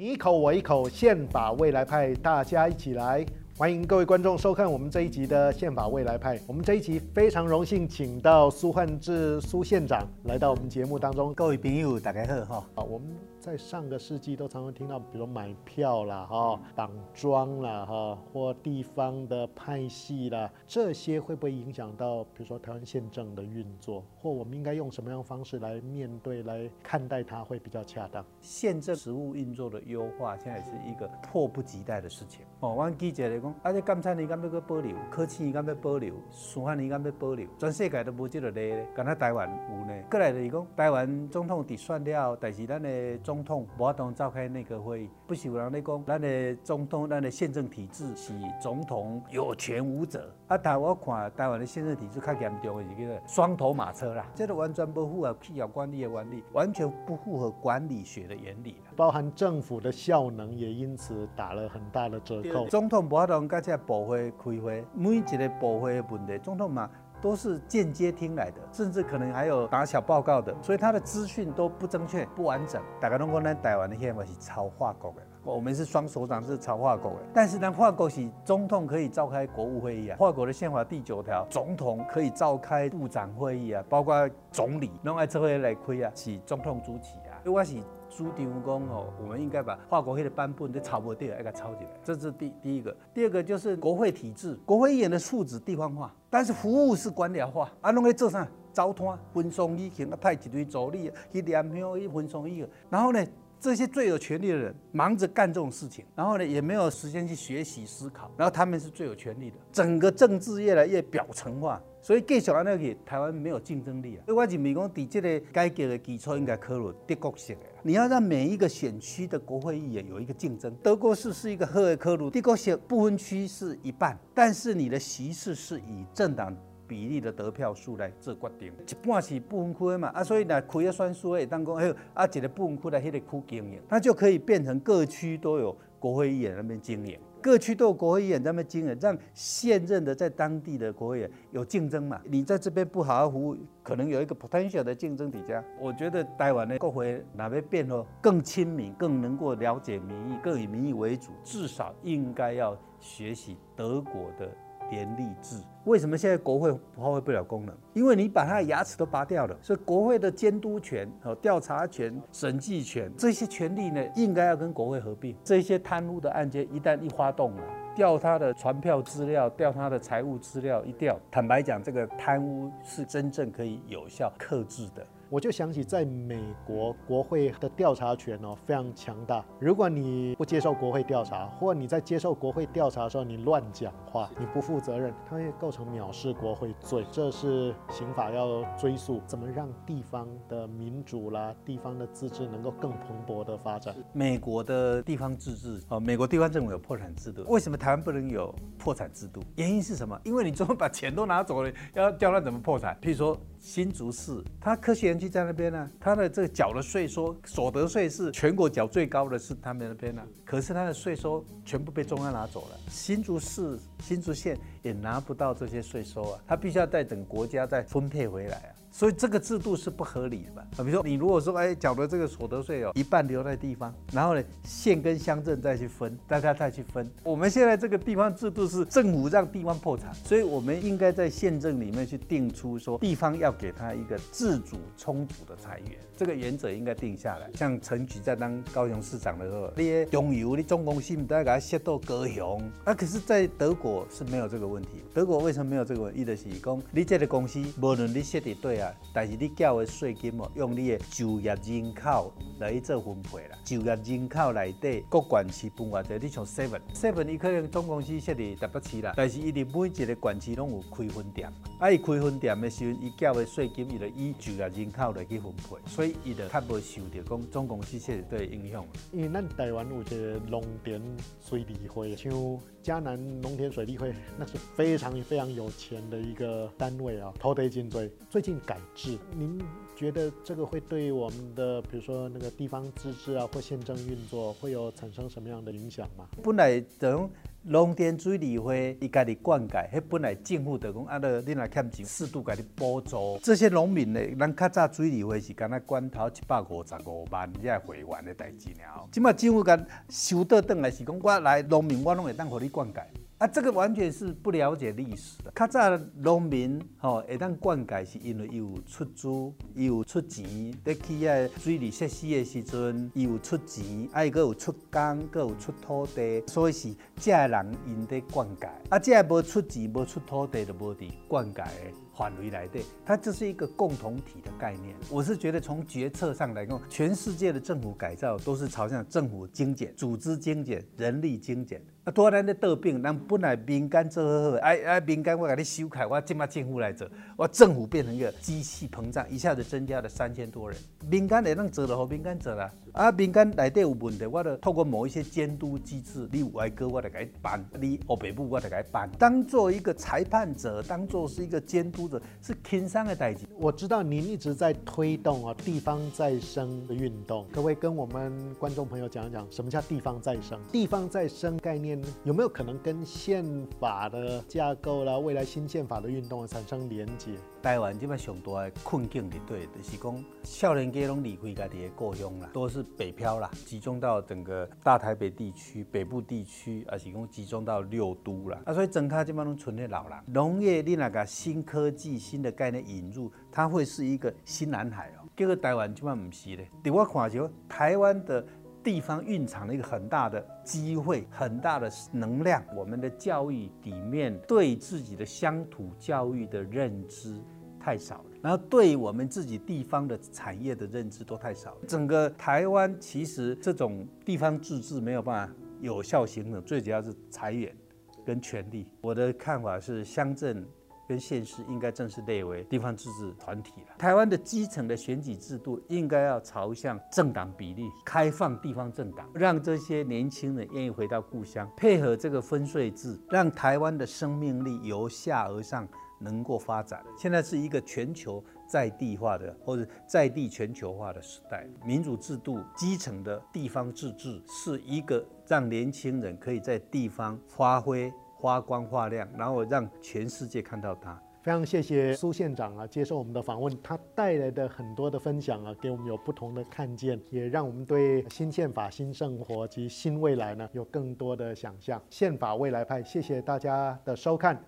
你一口我一口，憲法未來派，大家一起來！歡迎各位觀眾收看我們這一集的憲法未來派。我們這一集非常榮幸，請到蘇煥智蘇縣長來到我們節目當中。各位朋友，大家好。好，我們。在上個世紀都常常聽到，比如買票啦、齁，綁樁啦、齁或地方的派系啦，這些會不會影響到，比如說台灣憲政的運作，或我們應該用什麼樣的方式來面對、來看待它會比較恰當？憲政實務運作的優化，現在是一個迫不及待的事情。哦，我記者來講，而且剛才你講要保留，科技你該要保留，什麼你該要保留，全世界都無這個例，干那台灣有呢。過來就是講，台灣總統就算掉，但是咱的。總統、總統召開那個會，不是有人在講，咱的總統、咱的憲政體制是總統有權無責。啊，台灣我看，台灣的憲政體制較嚴重的是叫做雙頭馬車啦，這個完全不符合企業管理的原理，完全不符合管理學的原理、啊、包含政府的效能也因此打了很大的折扣。總統、總統跟這部會開會，每一個部會的問題，總統嘛。都是間接聽來的，甚至可能還有打小報告的，所以他的資訊都不正確、不完整。打開通工呢，台灣的憲法是抄法國的，我們是雙首長，是抄法國的。但是呢，法國是總統可以召開國務會議啊，法國的憲法第九條，總統可以召開部長會議啊，包括總理攏愛做些來開啊，是總統主持啊。我是。朱定武講哦，我們應該把華國鋒的版本的草報地要給抄起來，這是第第一個。第二個就是國會體制，國會議員的素質地方化，但是服務是官僚化啊，攏在做啥？招攤分送禮，啊，派一堆助理去聯合去分送禮，然後呢？這些最有權力的人忙着幹這種事情，然後呢，也沒有時間去學習思考，然後他們是最有權力的，整個政治越來越表層化，所以繼續這樣下去，台灣沒有競爭力啊。所以我是民工，對這個改革的基礎應該考慮德國式的。你要讓每一個選區的國會議員有一個競爭，德國式是一個赫爾克魯，德國式不分區是一半，但是你的席次是以政黨。比例的得票數來做決定，一半是部分開嘛啊，所以呢，開啊算數誒，當講哎，啊這個部分開誒，迄個區經營，它就可以變成各區都有國會議員那邊經營，各區都有國會議員那邊經營，讓現任的在當地的國會議員有競爭嘛，你在這邊不好好服務，可能有一個 potential 的競爭底價。我覺得台灣的國會那邊變得更親民，更能夠了解民意，更以民意為主，至少應該要學習德國的連立制，為什麼現在國會發揮不了功能？因為你把他的牙齒都拔掉了，所以國會的監督權、和調查權、審計權這些權利呢，應該要跟國會合併。這些貪污的案件一旦一發動了，調他的傳票資料，調他的財務資料，一調，坦白講，這個貪污是真正可以有效克制的。我就想起，在美國國會的調查權哦非常強大。如果你不接受國會調查，或你在接受國會調查的時候，你亂講話，你不負責任，他會構成藐視國會罪，這是刑法要追溯。怎麼讓地方的民主啦，地方的自治能夠更蓬勃的發展？美國的地方自治，哦，美國地方政府有破產制度，為什麼台灣不能有破產制度？原因是什麼？因為你最後把錢都拿走了，要叫他怎麼破產？譬如說新竹市，他科學在那邊呢、啊，他的這個繳的稅收，所得稅是全國繳最高的，是他們那邊呢、啊。可是他的稅收全部被中央拿走了，新竹市、新竹縣也拿不到這些稅收啊，他必須要再等國家再分配回來啊。所以這個制度是不合理的吧？啊，比如說你如果說，哎，繳的這個所得稅哦，一半留在地方，然後呢，縣跟鄉鎮再去分，大家再去分。我們現在這個地方制度是政府讓地方破產，所以我們應該在縣政裡面去定出說，地方要給他一個自主充足的財源，這個原則應該定下來。像陳菊在當高雄市長的時候，你的中油，你總公司都要給他削到高雄，啊，可是，在德國是沒有這個問題。德國為什麼沒有這個問題？的起工，你這個公司無論你寫的對。但是你繳的稅金哦，用你的就業人口來去做分配啦。就業人口內底各管區分偌多，你像 seven，seven 伊可能總公司設立台北市啦，但是伊的每一個管區都有開分店。啊，伊開分店的時候，伊繳的稅金伊就以就業人口來去分配，所以伊就較無受到講總公司設立的影響。因為咱台灣有一個農田水利會，像嘉南農田水利會，那是非常非常有錢的一個單位啊，土地頸椎。最近。改制，您覺得這個會對我們的，比如說那個地方自治啊，或憲政運作，會有產生什麼樣的影響嗎？本來，等農田水利會伊家己灌溉，本來政府就講，阿、啊、得你若欠錢，適度家己補助。這些農民呢，人較早水利會是敢那光掏一百五十五萬只會員的代誌了。今嘛政府干收得倒來是講，我來農民，我攏會當和你灌溉。啊，這個完全是不了解歷史的、哦。較早農民吼會當灌溉，是因為有出租，有出錢。在起個水利設施的時陣，有出錢，還、啊、佫有出工，佫有出土地，所以是遮人用的灌溉。啊，遮無出錢、無出土地就無滴灌溉的。返回來對，它就是一個共同體的概念。我是覺得從決策上來講，全世界的政府改造都是朝向政府精簡、組織精簡、人力精簡。啊，突然的得病，那本來民間做好哎哎，民間我給你修改，我進，麼進府來做？我政府變成一個機器膨脹，一下子增加了三千多人，民間的人走了和民間做了。啊，民間內底有問題，我就透過某一些監督機制，你外哥我就給辦，你阿爸母我就給辦，當做一個裁判者，當做是一個監督者，是天生的代誌。我知道您一直在推動啊地方再生的運動，可不可以跟我們觀眾朋友講一講，什麼叫地方再生？地方再生概念有沒有可能跟憲法的架構啦，未來新憲法的運動產生連接？台灣這邊上大嘅困境，對，就是講少年家攏離開家己嘅故鄉啦，都是。是北漂啦，集中到整個大台北地區、北部地區，而且共集中到六都了。啊，所以整個這幫都純粹老了。農業你那個新科技、新的概念引入，它會是一個新藍海哦、喔。結果台灣就麼唔是呢？我看台灣的地方蘊藏了一個很大的機會、很大的能量。我們的教育裡面對自己的鄉土教育的認知太少了。然後，對我們自己地方的產業的認知都太少。整個台灣其實這種地方自治沒有辦法有效形成，最主要是財源跟權力。我的看法是，鄉鎮跟縣市應該正式列為地方自治團體了。台灣的基層的選舉制度應該要朝向政黨比例開放，地方政黨讓這些年輕人願意回到故鄉，配合這個分稅制，讓台灣的生命力由下而上。能夠發展，現在是一個全球在地化的或者在地全球化的時代。民主制度、基層的地方自治，是一個讓年輕人可以在地方發揮、發光發亮，然後讓全世界看到它。非常謝謝蘇縣長啊，接受我們的訪問，他帶來的很多的分享啊，給我們有不同的看見，也讓我們對新憲法、新生活及新未來呢，有更多的想象憲法未來派，謝謝大家的收看。